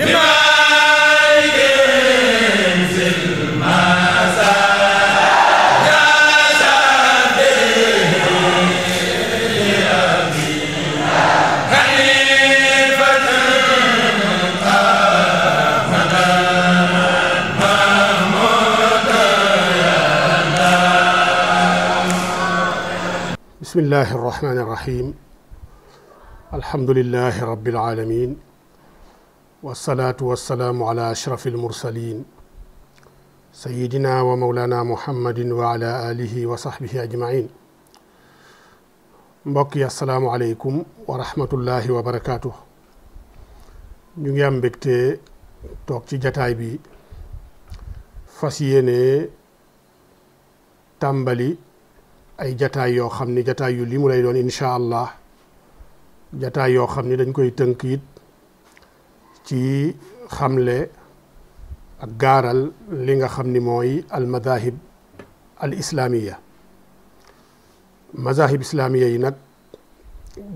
bismillahi irrahmani irrahim alhamdulilahi rabbil aalamiin wasalaatu wasalaamu ala ashraf almursalin sayidina wa maulana muhammadin wa ala alihi wa sahbihi ajmain mbokk yi asalaamu wa rahmatullahi wa barakaatu. ñu ngi am mbégte toog ci jataay bi fas yéene tàmbali ay jataay yoo xam ni jataay yu li mu lay doon incha allah jataay yoo xam ni dañ koy tënk ci xamle ak gaaral li nga xam ni mooy al madahib al islaamiya madahib islaamiya yi nag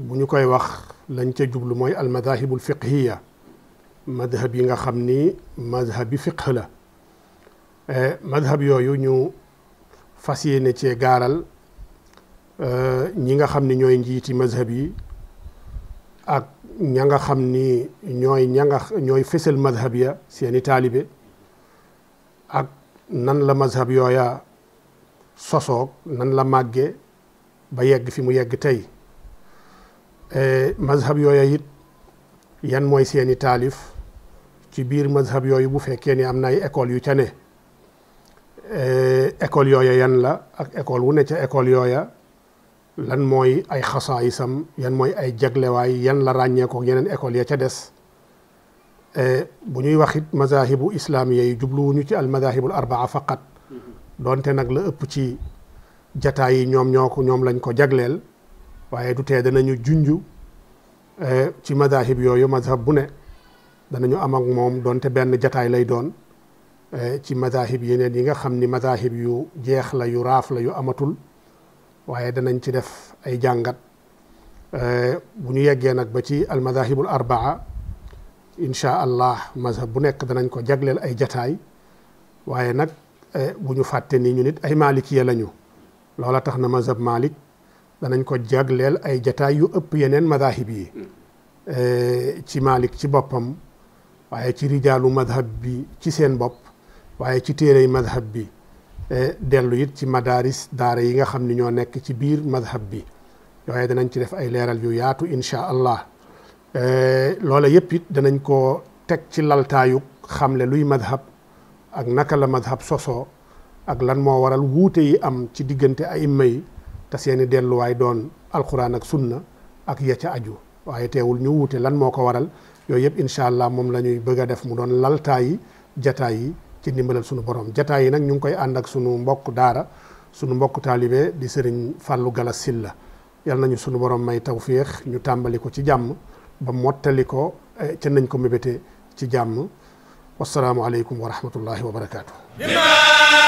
bu ñu koy wax lañ ca jublu mooy al madahibul fiqhiya madhab yi nga xam ni madhabi fiqh la e, madhab yooyu ñu fas yéene cee gaaral e, ñi nga xam ni ñooy njiiti madhab yi ak ña nga xam ni ñooy ña ñooy fësal madhab ya seeni taalibe ak nan la mazhab yooya sosoog nan la màgge ba yegg fi mu yegg tey e, mazhab yooya it yan mooy seeni taalif ci biir mazhab yooyu bu fekkee ni am na ay école yu ca ne e, école yooya yan la ak école wu nekk ca école yooya lan mooy ay sam yan mooy ay jaglewaay yan la ràññee yeneen école ya ca des eh, bu ñuy wax it mazahibu islaamiya yi jubluwuñu ci al mazahibul arbaa faqat doonte nag la ëpp ci jataay yi ñoom ñoo ko ñoom lañ ko jagleel waaye du tee danañu junju eh, ci mazahib yooyu mazhab bu ne danañu am ak moom doonte benn jataay lay doon eh, ci mazahib yeneen yi nga xam ni mazahib yu jeexla yu raafla yu amatul waaye danañ ci def ay jàngat eh, bu ñu yeggee nag ba ci almadahibul arbaa incha allah mazhab bu nekk danañ ko jagleel ay jataay waaye nag eh, bu ñu fàtte ni ñu nit ay malikiya lañu loola tax na mazhab malik danañ ko jagleel ay jataay yu ëpp yeneen madahib yi mm. eh, ci malik ci boppam waaye ci rijaalu madhab bi ci seen bopp waaye ci téere téerey madhab bi Eh, dellu it ci madaris daara yi nga xam ni ñoo nekk ci biir madhab bi yooye danañ ci def ay leeral yu yaatu incha allah eh, loole yëpp it danañ ko teg ci laltaayug xamle luy madhab ak naka la madhab sosoo ak lan moo waral wuute yi am ci diggante aimma yi te seeni delluwaay doon alquran ak sunna ak ya ca aju waaye teewul ñu wuute lan moo ko waral yooyu yëpp incha allah moom la ñuy bëgg a def mu doon laltaayi jataay yi ci ndimbalal sunu borom jataay yi nag ñu ngi koy ànd ak sunu mbokk daara sunu mbokk taalibe di sëriñ Fallou Galass Sylla yal nañu sunu borom may tawféex ñu tàmbali ko ci jàmm ba mottali ko eh, ca nañ ko mébétee ci jàmm wasalaamualeykum wa rahmatullahi wa